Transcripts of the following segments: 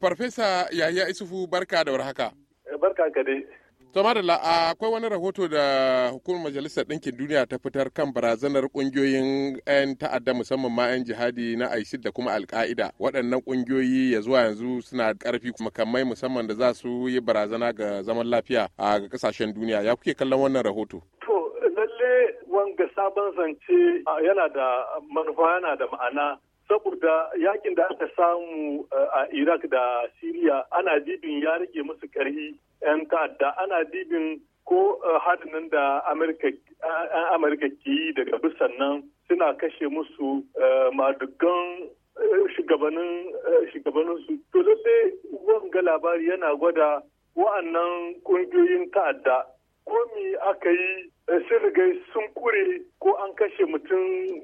Farfesa Yahya Isufu barka da warhaka. Eh, barka ka dai. To madalla akwai wani rahoto da hukumar majalisar ɗinkin duniya ta fitar kan barazanar ƙungiyoyin 'yan ta'adda musamman ma 'yan jihadi na ISIS da kuma alka'ida waɗannan ƙungiyoyi ya zuwa yanzu suna ƙarfi kuma makamai musamman da za su yi barazana ga zaman lafiya a ga ƙasashen duniya ya kuke kallon wannan rahoto. To lalle wanga sabon zance yana da manufa yana da ma'ana saboda yakin da aka samu eh, a iraq da syria ana dibin ya rage musu karhi 'yan ta'adda ana dibin ko eh, hadinin da amurka eh, ke yi daga bisan nan suna kashe musu madugan shugabannin su to dai wanga labari yana gwada wa'annan ƙungiyoyin ta'adda komi aka yi sun sunkure sun kure ko an kashe mutum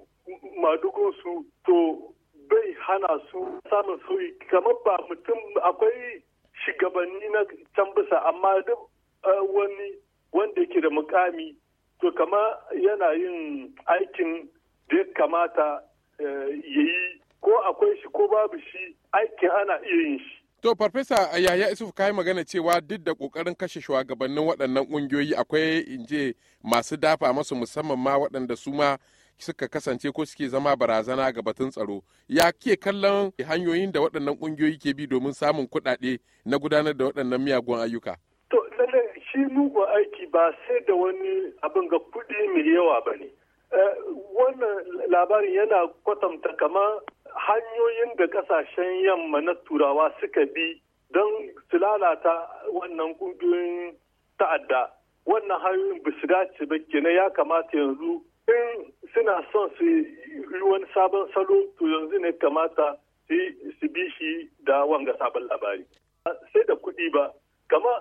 su to bai hana su samun sauyi kamar ba mutum akwai shugabanni na can bisa amma duk eh, wani wanda yake da mukami to kama yana yin aikin da ya kamata eh, ya yi ko akwai shi ko babu shi aikin ana iya yin shi To, Farfesa yaya Isuf ka yi magana cewa duk da ƙoƙarin kashe shugabannin waɗannan ƙungiyoyi akwai inje masu dafa masu musamman ma waɗanda su ma suka kasance ko suke zama barazana ga batun tsaro ya ke kallon hanyoyin da waɗannan ƙungiyoyi ke bi domin samun kuɗaɗe na gudanar da waɗannan miyagun ayyuka to lalle shi mugun aiki ba sai da wani abin ga kuɗi mai yawa ba ne eh, wannan labarin yana kwatanta kama hanyoyin da ƙasashen yamma na turawa suka bi don su lalata wannan ƙungiyoyin ta'adda wannan hanyoyin ba su dace ba ya kamata yanzu in suna son su yi wani sabon salo to yanzu ne kamata su bi shi da wanga sabon labari sai da kuɗi ba kama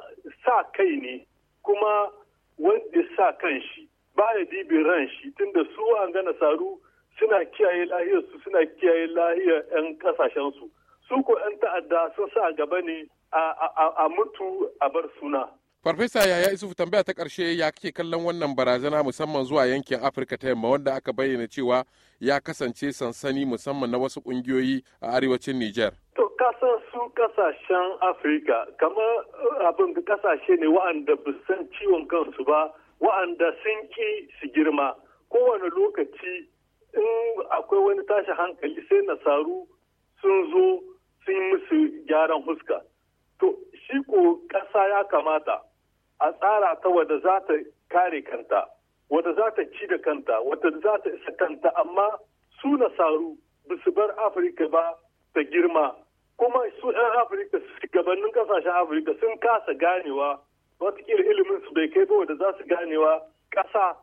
sa kai ne kuma wanda sa kan shi ba ya dibi ran shi tunda su wanga nasaru suna kiyaye lahiyar suna kiyaye lahiyar 'yan kasashen su su ko 'yan ta'adda sun sa gaba ne a mutu a bar suna Farfesa Yaya Isufu tambaya ta karshe ya kake kallon wannan barazana musamman zuwa yankin Afirka ta yamma wanda aka bayyana cewa ya kasance sansani musamman na wasu kungiyoyi a arewacin niger. To kasan su kasashen Afirka kamar eh, abin kasashe ne wa'anda ba san ciwon kansu ba wa'anda sun ki su girma kowane lokaci in akwai wani tashi hankali sai nasaru sun zo sun yi musu gyaran huska. To shi ko kasa ya kamata a tsara ta wadda za ta kare kanta wadda za ta ci da kanta wadda za ta isa kanta amma su nasaru ba su bar afirka ba ta girma kuma su 'yan afirka gabanin kasashen afirka sun kasa ganewa watakila ilimin su bai kai ba wadda za su ganewa ƙasa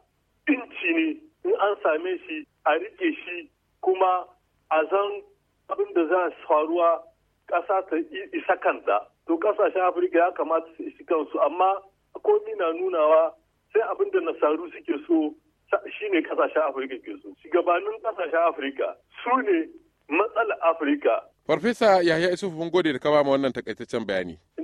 inci ne in an same shi a rike shi kuma a zan abin da za su faruwa ƙasa ta isa kanta to ƙasashen afirka ya kamata su isi kansu amma komi na nunawa sai abin da nasaru suke so shine kasashen afirka ke so shugabannin kasashen afirka su ne matsalar afirka farfesa yahya isufu mun gode da ka ba mu wannan takaitaccen bayani